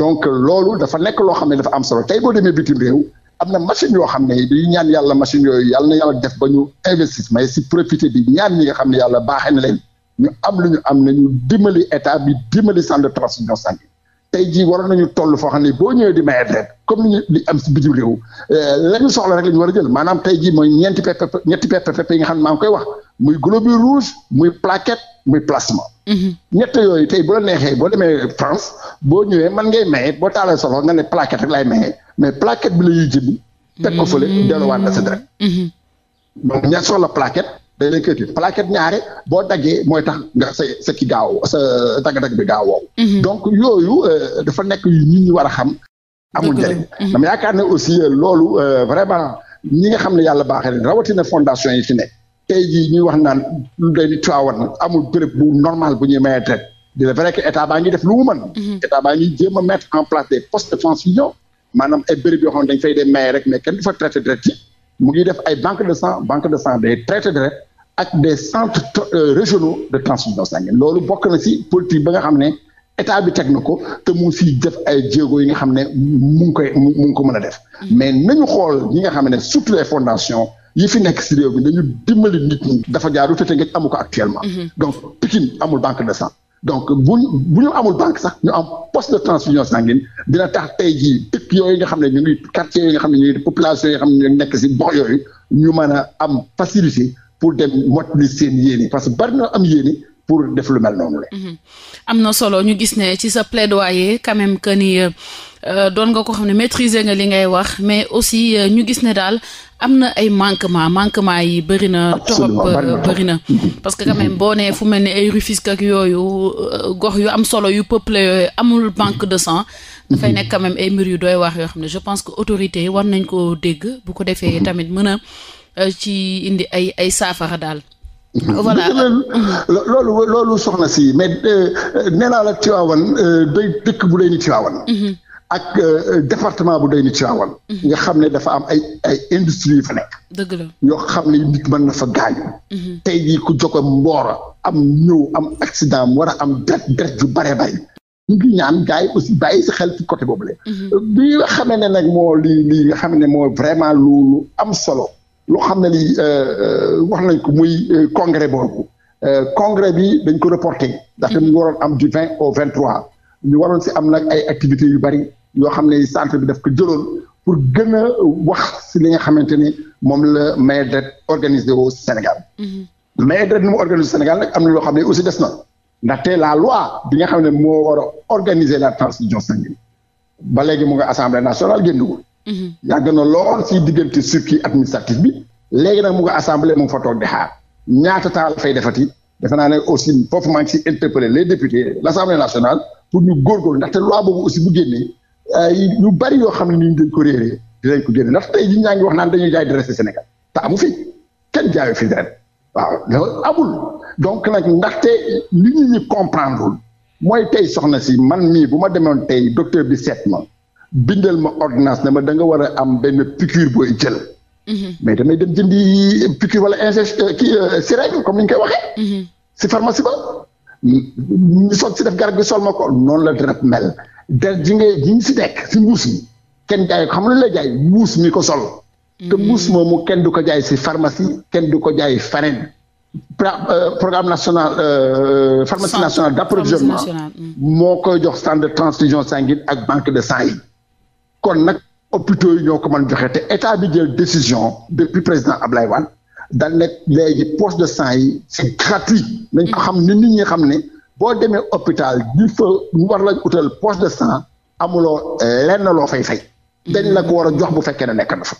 donc loolu dafa nekk loo xam ne dafa am solo tey boo demee bitim réew. am na machine yoo xam ne dañuy ñaan yàlla machine yooyu yàlla na yàlla def ba ñu investissement mais si profité bi ñaan ñi nga xam ne yàlla baaxee na leen ñu am lu ñu am ñu dimbali état bi dimbali centre de transfusion sanguine tey jii waroon nañu toll foo xam ne boo ñëwee di maye deret comme ni li am si bitim réew euh, la ñu soxla rek la ñu war a jël maanaam tey jii mooy ñeenti PPP ñetti PPP yi nga xam ne maa ngi koy wax muy globule rouge muy plaquette muy plasma Mm-hmm. ñett yooyu tey bu la neexee boo demee France boo ñëwee man ngay maye boo taala solo nga ne plaquette rek lay maye mais plaquette bi la ñuy jënd. teg ko fële mm-hmm. delluwaat na sa dara. Mm-hmm. donc ña soxla plaquette day lay koy plaquette ñaare boo daggee mooy tax nga sa sa ki gaaw sa dagg-dagg bi gaaw woow donc yooyu euh, dafa nekk yu nit ñi war a xam. amul njëriñ dama yaakaar ne aussi euh, loolu euh, vraiment ñi nga xam ne yàlla baaxee rawatina fondation yi fi nekk. tey jii ñuy wax naan lu day di tuwaawan amul béréb bu normal bu ñuy mayee deret il est vrai que état baa ngi def lu mu mën. Mhm. état baa ngi jéem a mettre en place des postes de transfusion maanaam ay béréb yoo xam ne dañ fay dee rek mais kenn du fa ngi def ay banque de sang banque de sang day traité deret ak des centres euh, régionaux de transfusion sanguine loolu bokk na ci politique ba nga xam ne état bi teg na ko te mu si def ay jéego yi nga xam ne mu ngi koy mu ngi ko mën a def mhm. mais nañu xool ñi nga xam ne surtout les fondations. yi fi nekk si réew mi ñu dimbali nit ñi dafa jaaru te Tëngéej amu ko actuellement mhm. donc Pikine amul banque de sang donc bu bu ñu amul banque sax ñu am poste de transfusion sanguine dina tax tey jii dëkk yooyu nga xam ne ñu ngi quartier yi nga xam ne ñu ngi yi nga xam nekk si box yooyu ñu mën a am facilité pour dem mottali seen yéene parce que bari na am yéene pour def lu mel noonu la. Mhm. am na solo ñu gis ne ci sa plaidoyer quand même que ni euh, euh, doon nga ko xam ne maitriser nga li ngay wax mais aussi euh, ñu gis ne daal am na ay manquement manquement yi bëri na. trop bëri na. Mhm. parce que quand mhm. boo nee fu mel ni ay Rufisque ak yooyu gox yu am solo yu peuple yooyu amul banque de sang. dafay nekk quand ay mbir yu dooy wax yoo xam ne je pense que autorités yi war nañ koo dégg bu ko defee tamit mën a ci indi ay ay saafara daal. voilà loolu loolu soxna si mais euh, nee naa la Tivaouane euh, day dëkk bu day ni Tivaouane. Mhm. ak euh, département bu day ni Tivaouane. Mhm. nga xam ne dafa am ay ay industries yu fa nekk. yoo xam ne nit mën na fa gaañu. Mhm. tey jii ku jokkoo mboora am ñëw am accident mu war a am deret deret yu bare bay ñu ngi ñaan gars yi si xel ci côté boobu la. bi nga xam ne nag moo lii lii nga xam ne moo vraiment loolu am solo. loo xam ne li euh, euh, wax nañ ko muy euh, congrès boobu congrès bi dañ ko reporté ndaxte mu waroon am du 20 au 23 ñu waroon si am nag ay activités yu bari yoo xam ne centre bi daf ko jëloon pour gën a wax si li nga xamante ni moom la Maïdred organisé au Sénégal. Mm-hmm. Maïdred ni mu organisé Sénégal nag am na loo xam ne aussi des na ndaxte la loi bi nga xam ne moo war organiser la transition sanguine ba léegi mu nga assemblée nationale génnagul. Mhm. yàgg na lool si diggante circuit administratif bi léegi nag mu nga assemblée mu ngi fa xaar ñaata taal fay defati defe naa ne aussi foofu maa ngi si interpeller les députés l' assemblée nationale pour ñu góorgóorlu ndaxte loi boobu aussi bu génnee ñu bari yoo xam ne ni ñu dañ ko réere di dinañ ko génne ndax tey jii ñaa ngi wax naan dañuy jaay deret Sénégal te amu fi kenn jaayu fi deret waaw loolu amul donc nag ndaxte li ñu ñu comprendre wul mooy tey soxna si man mii bu ma demoon tey docteur bi seet ma bindeel ma ordonnance ne ma da nga war a am benn piqûre booy jël. Mhm. mais damay dem jëndi piqûre wala injection euh, kii euh, seringue comme ni ñu koy waxee. Mhm. si pharmacie ba. ñu soog si def garab gi sol ma ko noonu la dara mel. der ji nga ji si nekk si mbuus mi kenn jaay ko xam lu lay jaay mbuus mi ko sol. te mhm. mbuus moomu kenn du ko jaay si pharmacie kenn du ko jaay feneen. Euh, programme national pharmacie nationale d'approvisionnement moo koy jox centre de transfusion sanguine ak banque de sang yi. kon nag hôpitaux yooyu ñoo ko mën joxe te état bi jël décision depuis président Ablaye Wade dal nekk léegi poste de sang yi c'est gratuit nañ ko xam ni nit ñi xam ne boo demee hôpital di fa ñu war lañ utal poste de sang amuloo lenn loo fay fay dañ la ko war a jox bu fekkee ne nekk na fa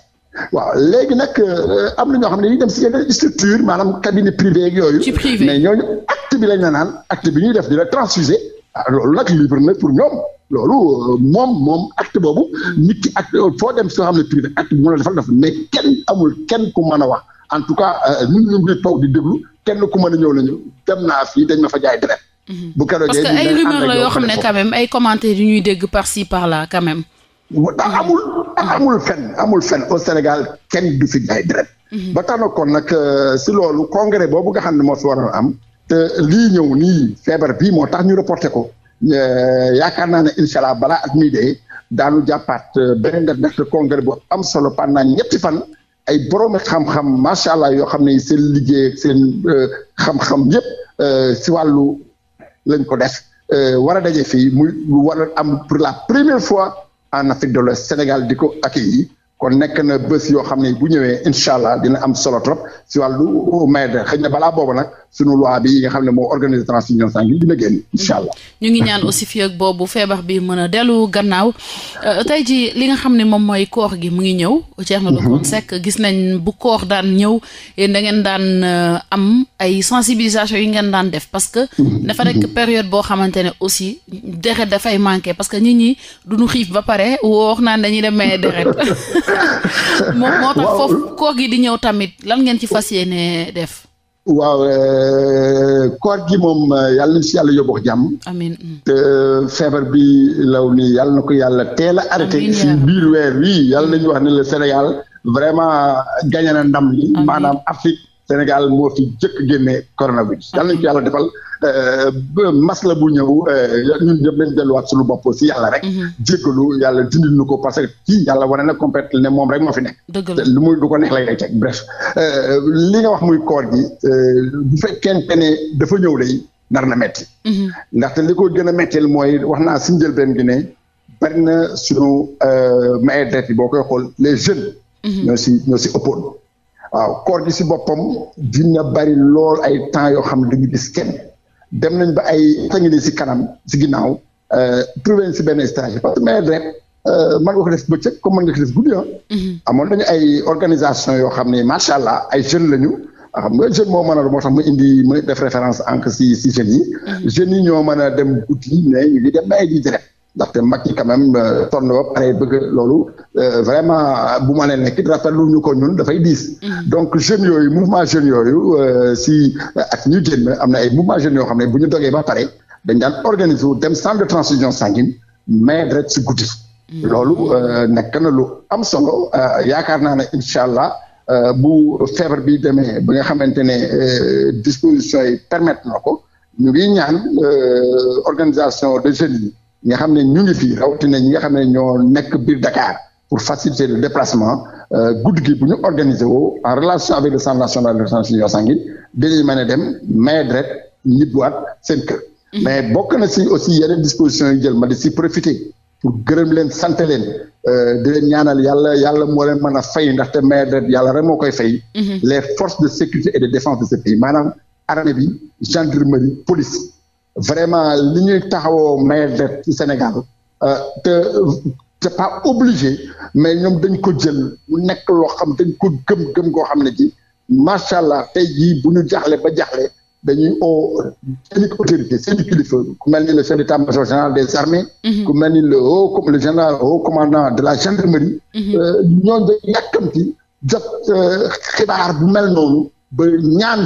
waaw léegi nag euh, am na ñoo xam ne dañuy dem si yeneen structure maanaam cabinet privé ak yooyu mais ñooñu acte bi lañ la naan acte bi ñuy def dina la transfuser ah loolu nag libre na pour ñoom loolu euh, moom moom acte boobu nit ki acte euh, foo dem soo xam ne privé acte bi mu la defal dafa mais kenn amul kenn ku mën a wax en tout cas euh, ñun ñu ngi toog di déglu kenn ku mën a ñëw nañu dem naa fii dañ ma fa jaay deret mhm. bu keroog parce que ay rumeur la yoo xam ne quand même ay commentaires yu ñuy dégg par ci par là quand même. Ah, mhm. amul ah, amul fenn amul fenn au Sénégal kenn du fi jaay deret mhm. ba tax na kon nag si loolu congrès boobu nga xam ne moo fi waroon am. te lii ñëw nii feebar bii moo tax ñu reporté ko euh, yaakaar naa ne incha allah balaa at mii de daanu jàppaat euh, beneen def def congrès bu am solo pendant ñetti fan ay boroomi xam-xam macha allah yoo xam ne seen liggéey seen euh, xam-xam yëpp si wàllu lañ ko def war a daje fii muy war am pour la première fois en Afrique de l'Ouest Sénégal di ko accueilli kon nekk na bés yoo xam ne bu ñëwee incha allah dina am solo trop si wàllu maye de xëy na balaa boobu nag. sunu loi bi nga xam ne moo organiser transfusion sanguine dina génn incha allah. ñu ngi ñaan aussi fii ak boobu feebar bi mën a dellu gannaaw euh, tey ji li nga xam ne moom mooy koor gi mu ngi ñëw. Thierno mhm. Lomone sekk gis nañ bu koox daan ñëw da ngeen daan euh, am ay sensibilisation yi ngeen daan def parce que. Mhm. dafa nekk mhm. période boo xamante ne aussi deret dafay manqué parce que nit ñi duñu xiif ba pare woo naan dañuy dem mais deret moo tax foofu koor gi di ñëw tamit lan ngeen ci fas yéene def. waaw euh, koor gi moom euh, yàlla si yàlla yóbbu jàmm. amiin te feebar bi law nii yàlla na ko yàlla teel a arrêté. si biir weer wi yàlla nañu wax ne le Sénégal vraiment gagné na ndam li. maanaam Afrique. Sénégal moo fi jëkk génne coronavirus yàlla nañu ko yàlla defal euh, mas la bu ñëw euh, ñun ñëpp nañ delluwaat suñu bopp si yàlla rek mm-hmm. jéggalu nu ko parce que kii yàlla wane na compét moom rek moo fi nekk lu muy du ko neex lay bref euh, li nga wax muy koor gi bu fekkente ne dafa ñëw day nar na metti mm-hmm. ndaxte li ko gën a metteel mooy wax naa si njëlbeen gi ne bari na suñu maître yi boo koy xool les jeunes mm-hmm. ñoo si ñoo si ëppoon waaw koor gi si boppam dina bari lool ay temps yoo xam ne duñu dem nañ ba ay tangi ni si kanam ci ginnaaw euh, trouvé si benn stage parce que maire rek euh, mën nga ko def bëccëg comme mën nga ko def guddi mhm. amoon nañu ay organisation yoo xam ne macha allah ay jeunes lañu ah, xam nga jeune moo mën a moo tax mu indi mu def référence si si jeunes yi mhm. jeunes yi ñoo mën a dem guddi mais ñu ngi ay di direct ndaxte mag yi quand même sonn euh, ba pare bëgg loolu euh, vraiment bu ma leen nekk rafetlu ñu ko ñun dafay diis. Mm-hmm. donc jeunes yooyu mouvement jeunes yooyu euh, si ak ñu génn am na ay mouvement jeunes yoo xam ne bu ñu dogee ba pare dañ daan organiser wu dem centre de transfusion sanguine mais deret si guddi. Mm-hmm. loolu nekk na lu am solo yaakaar naa ne incha allah. bu feebar bi demee ba nga xamante ne dispositions yi permettre na ko ñu ngi ñaan organisation de jeunes yi ñi nga xam ne ñu ngi fii rawatina ñi nga xam ne ñoo nekk biir Dakar pour faciliter le déplacement euh, guddi gi bu ñu organiser woo en relation avec le centre national de transfusion sanguine dinañu mën a dem may deret ñibbiwaat seen kër. Mm-hmm. mais bokk na si aussi yeneen dispositions yi jël ma di si profiter pour gërëm leen sant leen euh, di leen ñaanal yàlla yalla moo leen mën a fay ndaxte may deret yàlla rek moo koy fay. Mm-hmm. les forces de sécurité et de défense de ce maanaam armée bi police. vraiment li ñuy taxawoo maye dette ci Sénégal euh, te pas obligé mais ñoom dañ ko jël mu nekk loo xam dañ ko gëm gëm goo xam ne ji macha allah tey jii bu ñu jaxle ba jaxle dañuy oo seen autorité seen kilifa ku mel ni le chef d'état-major général des armées mhm. ku mel ni le haut le général haut commandant de la gendarmerie mhm. euh, ñooñu dañ yàkkamti jot euh, xibaar bu mel noonu ba ñaan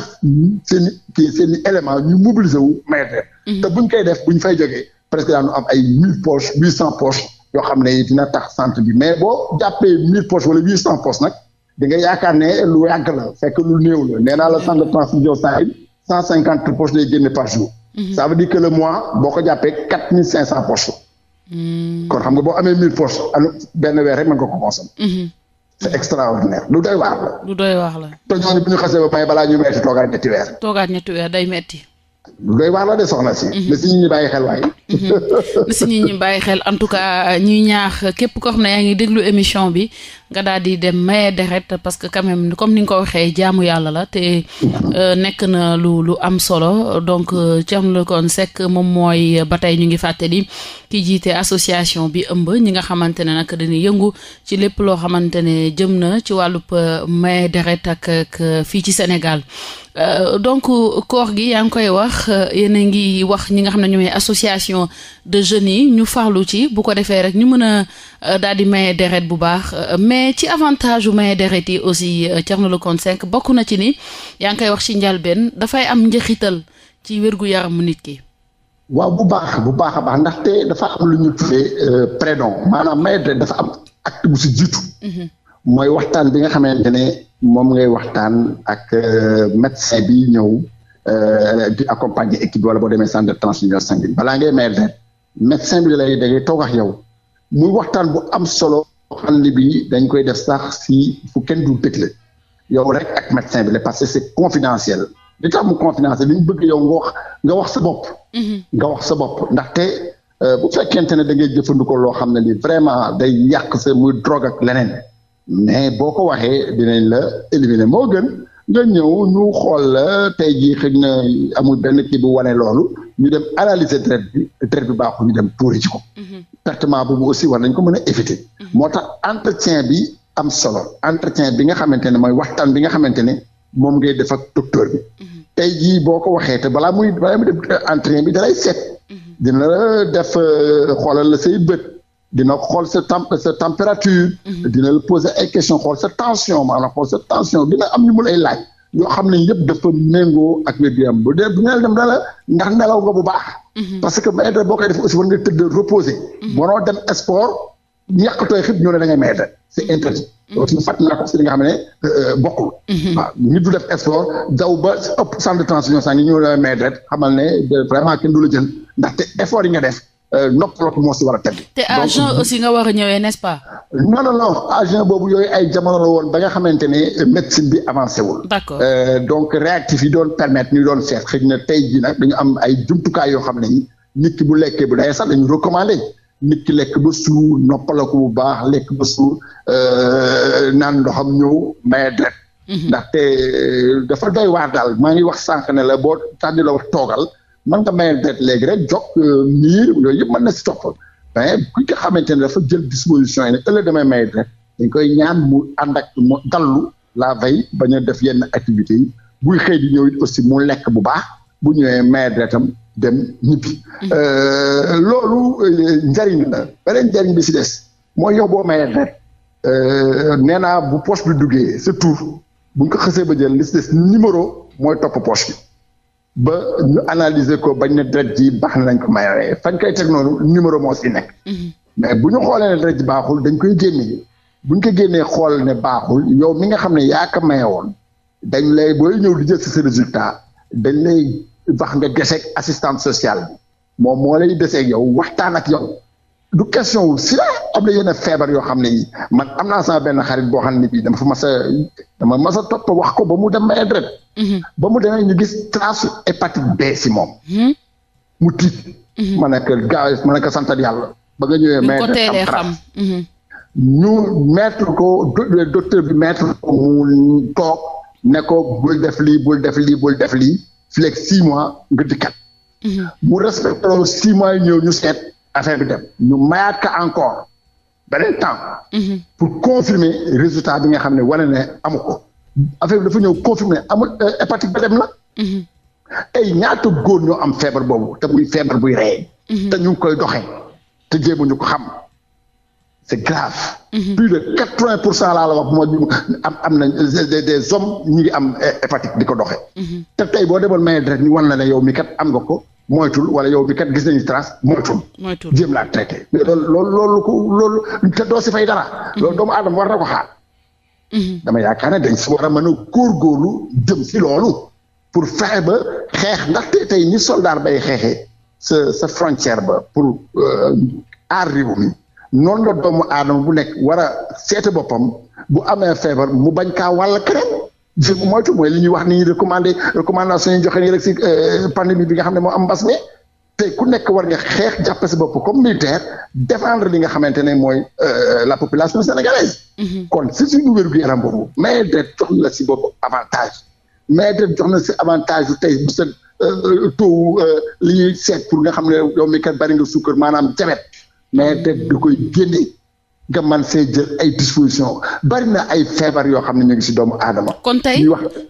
seen i seen élément ñu mobiliser wu maître mhm. te buñ koy def buñ fay jógee presque daanu am ay mille poches huit cent poches yoo xam ne dina tax centre bi mais boo jàppee mille poches wala huit cent poches nag da nga yaakaar ne lu yàgg la fekk lu néew la nee naa la centre de sa sanguine cent cinquante poches lay génne par jour mhm. ça que le mois boo ko jàppee quatre mille cinq cent poches mhm. kon xam nga boo amee mille poches benn weer rek mën ko consommer c'est extraordinaire lu doy waar la. lu doy waar la. pension bi ñu xasee ba pay balaa ñuy metti toogaat ñetti weer. toogaat ñetti weer day metti doy waar de soxna si. Mhm. na ñu bàyyi xel waaye. Mhm. na ñu bàyyi xel en tout cas euh, ñuy ñaax képp koo xam ne yaa ngi déglu émission bi nga daal di dem maye deret parce que quand comme ni nga ko waxee jaamu yàlla la te euh, na lu am solo donc euh, Thierno Lekone moom mooy ba tey ñu ngi fàttali ki jiite association bi ëmb ñi nga xamante ne nag dañuy yëngu ci lépp loo xamante ne jëm na ci wàllub maye deret ak fii ci Sénégal. Euh, donc koor gi yaa ngi koy wax euh, yéen ngi wax ñi nga xam ne ñooy association de jeunes yi ñu farlu ci bu ko defee rek ñu mën a euh, daal di maye deret bu baax mais ci avantage yu maye deret yi aussi Thierno Lecompte Seck bokk na ci ni yaa ngi koy wax ci njalbeen dafay am njëxital ci wérgu yaramu nit ki. waaw bu baax bu baax a baax ndaxte dafa am lu ñu tuddee prédon maanaam maye deret dafa am acte bu si jiitu. Mhm. mooy waxtaan bi nga xamante ne. moom ngay waxtaan ak euh, médecin bi ñëw euh, di accompagner équipe wala boo demee centre de transfusion sanguine balaa ngay may deret médecin bi da lay da ngay toog ak yow muy waxtaan bu am solo xam ne bi dañ koy def sax si fu kenn du dëkk la yow rek ak médecin bi la parce que c'est confidentiel li tax mu confidentiel li ñu bëgg yow nga wax nga sa bopp mm-hmm. nga wax sa bopp ndaxte euh, bu fekkente ne da ngay jëfandikoo loo xam ne ni vraiment day yàq sa muy drogue ak leneen mais boo ko waxee dinañ la éliminer moo gën nga ñëw ñu xool la tey jii xëy na amul benn kii bu wane loolu ñu dem analyser traite bi traite bi baaxul ñu dem tuuri ci ko. Mhm. traitement boobu aussi war nañ ko mën a éviter. Mhm. moo tax entretien bi am solo entretien bi nga xamante ne mooy waxtaan bi nga xamante ne moom ngay def ak docteur bi. Mhm. tey jii boo ko waxee te balaa muy balaa muy dem entretien bi dalay seet. dina la def euh, xoolal la say bët. dina xool sa temp sa température. Mhm. dina la poser ay question xool sa tension maanaam xool sa tension dina am ñu mu lay laaj. yoo xam ne yëpp dafa méngoo ak wér gu yaram bu dee bu ñu dem dala ndax nelaw nga bu baax. Mhm. parce que maître boo koy def aussi war nga tëdd reposer. mënoo mhm. dem sport ñàkkatooy xib ñu ne da ngay maître c'est interdit. loolu fàtt naa ko li nga xam ne euh, euh, bokkul. waaw ñu du def sport daw ba ëpp centre de tension sax ñu ñëw la maître xamal ne vraiment kenn du la jël ndaxte effort yi nga def. Euh, noppalootu moo si war a teg. te agent aussi nga war a ñëwee n'est-ce pas. non non non agent boobu yooyu ay jamono la woon ba nga xamante ne euh, médecine bi avancé wul. d'accord euh, donc réactif yi doon permettre ñu doon seet xëy na tey jii nag dañu am ay jumtukaay yoo xam ne nit ki bu lekkee bu dee sax dañu recommandé. nit ki lekk ba suur noppalooku bu baax lekk ba suur naan ndoxam ñëw maye dret mhm. ndaxte dafa doy waar daal maa ngi wax sànq ne la boo tànni la wax toogal man nga mayal dette léegi rek jog euh, miir yooyu yëpp mën na si topp mais ku nga xamante ne dafa jël disposition yi ne ëllëg damay may dette dañ koy ñaan mu ànd ak mu dallu la veille bañ a def yenn activités yi buy xëy di ñëw aussi mu lekk bu baax bu ñëwee may detam dem ñibbi. Mm-hmm. Euh, loolu euh, njariñ la beneen njariñ bi si des mooy yow boo may dette nee naa bu poche bi duggee surtout bu ñu ko xësee ba jël li si des numéro mooy topp poche bi. ba ñu analyser ko bañ ne deret ji baax na nañ ko mayee fañ koy teg noonu numéro moo si nekk. Mhm. mais bu ñu xoolee ne deret ji baaxul dañ koy génnee bu ñu ko génnee xool ne baaxul yow mi nga xam ne yaa ko maye woon dañ lay booy ñëw di jël si sa résultat dañ lay wax nga deseeg assistante sociale moom moo lay deseeg yow waxtaan ak yow. du question wu sida am na yenn feebar yoo xam ne yi man am naa sama benn xarit boo xam ne bii dama fa mas a dama mas topp wax ko ba mu dem ay mhm. ba mu demee ñu gis trace hépatite B si moom. Mhm. mu tiit. Mhm. ma ne ko ma ne ko yàlla. ba nga ñëwee maître am ñu maître ko docteur bi maître ko mu toog ne ko def lii bul def lii bul def lii fii ak six mois nga dikkat. mu respecté loolu six seet. affaire bi dem ñu mayaat ko encore beneen temps. Mhm. pour confirmer résultat bi nga xam ne wane ne amu ko. affaire dafa ñëw confirmer amul euh, hépatique ba dem na. Mhm. ay ñaata góor ñoo am feebar boobu te muy feebar buy rey. Mhm. te ñu ngi koy doxee te jéemuñu ko xam. c'est grave. Mm -hmm. plus de quatre-vingts pour cent laa la wax mooy am am nañ des des ñu ngi am euh, hépatique di ko doxe te tey boo demoon maye deret ñu wan ne yow mi kat am nga ko moytul wala yow bi kat gis nañu tras moytul. moytul jéem laa traité. mais loolu loolu lool te doo si fay dara. Mm-hmm. loolu doomu aadama war na ko xaar. Mm-hmm. dama yaakaar ne dañ war a mën a góorlu jëm si loolu. pour fexe ba xeex ndaxte tey ni soldat bay xeexee sa sa frontière ba pour euh, aar réew mi noonu la doomu aadama bu nekk war a seete boppam bu amee feebar mu bañ kaa wàll keneen. di moytu mooy li ñuy wax ni recommandé recommandation yi joxe nii rek si euh, pandémie bi nga xam ne moo am mbas mi te ku nekk war nga xeex jàppe sa bopp comme militaire défendre li nga xamante ne mooy euh, la population sénégalaise. Mhm. kon si suñu wér-gu-yaram boobu. mais de si bopp avantage mais de jox na si avantage bu tey bu sa euh, taux li ñuy seet pour nga xam ne yow mi kat bari nga suukar maanaam jabet mais de da koy génne. nga man see jël ay disposition bari na ay feebar yoo xam ne ñu ngi si doomu aadama. kon tey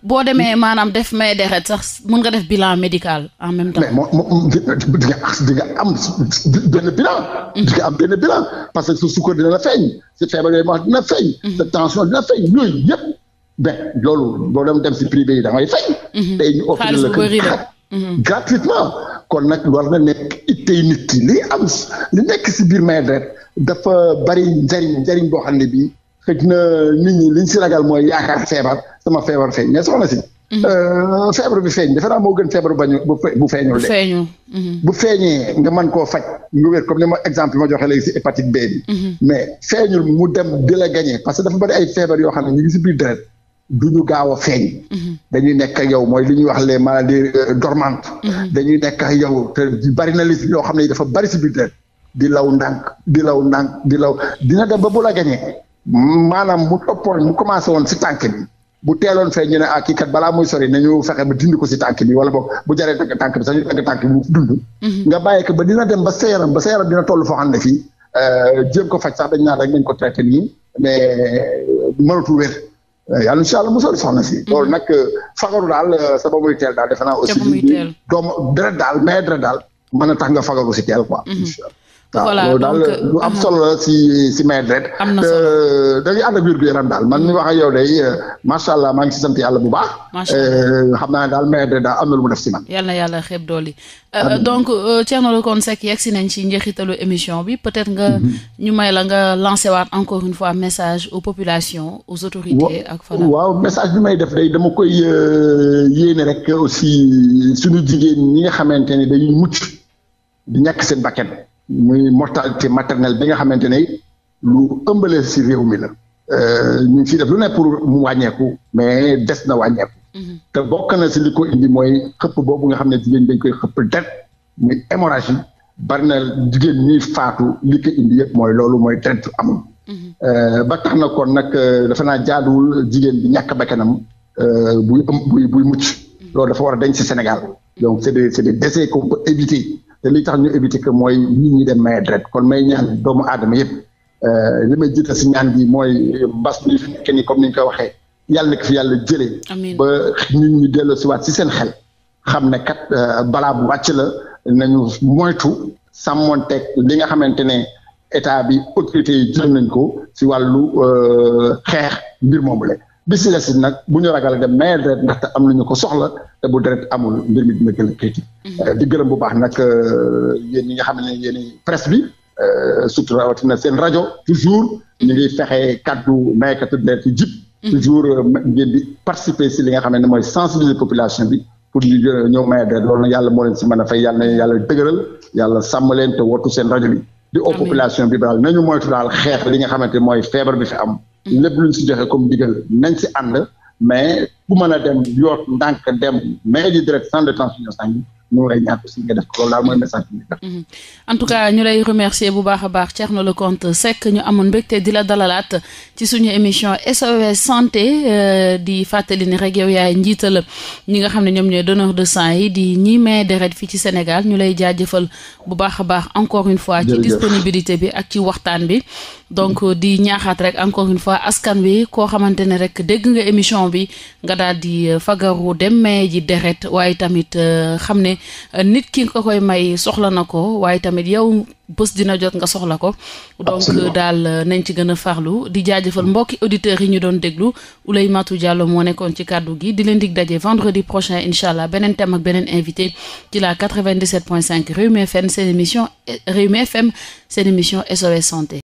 boo demee maanaam def may deret sax mun nga def bilan médical en même temps. mais moom di nga di nga am su mm-hmm. sukkar dina la feeñ mm-hmm. si boo dem dem si privé yi da ngay fay. Mm-hmm. ñu offrir la gratuitement. kon nag war na nekk ittey nit ki li am li nekk si biir may deret dafa bari njariñ njariñ boo xam ne bii fekk na nit ñi liñ si ragal mooy yaakaar feebar sama feebar feeñ mais soxna si. Mhm. Euh, feebar bi feeñ defe naa moo gën feebar bañu bu bu feeñul de. Mhm. bu feeñee nga man koo faj nga wér comme ni ma exemple ma joxe léegi si hépatite B bi. Mhm. mais feeñul mu dem di la gagné dafa bari ay feebar yoo xam ne ñu ngi si biir deret. du ñu gaaw a feeñ. Mhm. dañuy nekk ak yow mooy li ñuy wax les maladies euh, dormantes. Mhm. dañuy nekk ak yow te bari na li yoo xam ne dafa bari si biir di law ndànk di law ndànk di law dina dem ba bu la gañee maanaam mu toppoon mu commencé woon si tànk bi bu teeloon fee ñu ne ah kii balaa muy sori nañu fexe ba dindi ko si tànk bi wala boog bu jaree tëgg tànk bi sax ñu tànk bi mu mhm. nga bàyyi ko ba dina dem ba sa yaram ba sa yaram dina toll foo xam ne fii euh, jéem ko faj sax dañ naan rek nañ ko traité nii mais euh, mënatul wér. Eh, yàlla incha allah musal soxna si. Mm-hmm. loolu nag eh, fagaru daal eh, sa ba muy teel daal defe naa. aussi doomu deret daal mais deret daal mën a tax nga fagaru si teel quoi. Mm-hmm. incha allah. voilà donc daal euh, lu am solo si si may dret. am na euh, solo dañuy ànd ak wér gu yaram daal man mi wax ak yow day euh, macha allah maa ngi si sant yàlla bu baax. macha xam naa ne daal may dret daal am na lu mu def si man. yal na yàlla xeeb doole. donc Thierno Lô Seck yegg si nañ si njeexitalu émission bi peut-être nga. Mhm. ñu may la nga lancé waat encore une fois message aux populations aux autorités. ak fa waaw message bi may def day dama koy yéene rek aussi suñu jigéen ñi nga xamante ne dañuy mucc di ñàkk seen bakkan. muy mortalité maternelle bi nga xamante ne lu ëmbalee si réew mi la. Euh, ñu ngi siy def lu ne pour mu wàññeeku mais des na wàññeeku. Mm-hmm. te bokk na si li indi mooy xëpp boobu nga xam ne jigéen dañ koy xëpp det muy bari na jigéen ñuy faatu li indi yëpp mooy loolu mooy deret du amul. Mm-hmm. Euh, ba tax na kon nag euh, dafa naa jaaduwul jigéen bi ñàkk bakkanam buy buy buy mucc. Mm-hmm. loolu dafa war a dañ si Sénégal donc c' est des c' est des éviter. te li tax ñu éviter que mooy nit ñi dem maye deret kon may ñaan doomu aadama yëpp euh, li ma jiite si ñaan gi mooy mbas mi fi nekk nii comme ni ñu waxee yàlla ki fi yàlla jëlee. ba nit ñi delloo si waat si seen xel. xam ne kat euh, balaa bu wàcc la nañu moytu teg li nga xamante ne état bi autorité yi jël nañ ko si wàllu euh, xeex mbir moomu la bi si la si nag bu ñu ragal dem maye deret ndaxte am nañu ko soxla. te bu deret amul mbir mi dina gën a këyit mhm. euh, di gërëm bu baax nag euh, yéen ñi nga xam ne yéen presse bi euh, surtout rawatina seen rajo toujours ñu ngi fexe kaddu maykatu deret yi jib mhm. toujours ngeen di participer si li nga xam ne mooy sensibiliser population bi pour ñu ñëw maye deret loolu nag yàlla moo leen si man a fay yàlla na yàlla dëgëral yàlla sàmm leen te wattu seen rajo bi di au population bi daal nañu moytu daal xeex li nga xamante mooy feebar bi fi am mhm. lépp luñ si joxe comme digal nañ si ànd mais ku mën a dem yoot ndànk dem mais di direct sans détention sanguine ñu mhm. en tout cas ñu lay remercier bu baax a baax na Thierno Lecompte Seck ñu amoon mbégte di la dalalaat ci suñu émission SOS santé euh, di fàttali ne rek yow yaay njiital ñi nga xam ne ñoom ñooy donneur de sang yi di ñi may deret fii ci Sénégal ñu lay jaajëfal bu baax a baax encore une fois ci disponibilité bi ak ci waxtaan bi donc di ñaaxaat rek encore une fois askan wi koo xamante ne rek dégg nga émission bi nga daal di euh, fagaru dem may ji deret waaye tamit euh, xam Euh, nit ki nga koy may soxla na ko waaye tamit yow bés dina jot nga soxla ko. donc euh, daal euh, nañ ci gën a farlu di jaajëfal mbokki auditeurs yi ñu doon déglu Ouleymatou Diallo moo nekkoon ci kàddu gi di leen dig dajee vendredi prochain incha allah beneen thème ak beneen invité ci la 97.5 Rewmi FM seen émission Rewmi FM seen émission SOS santé.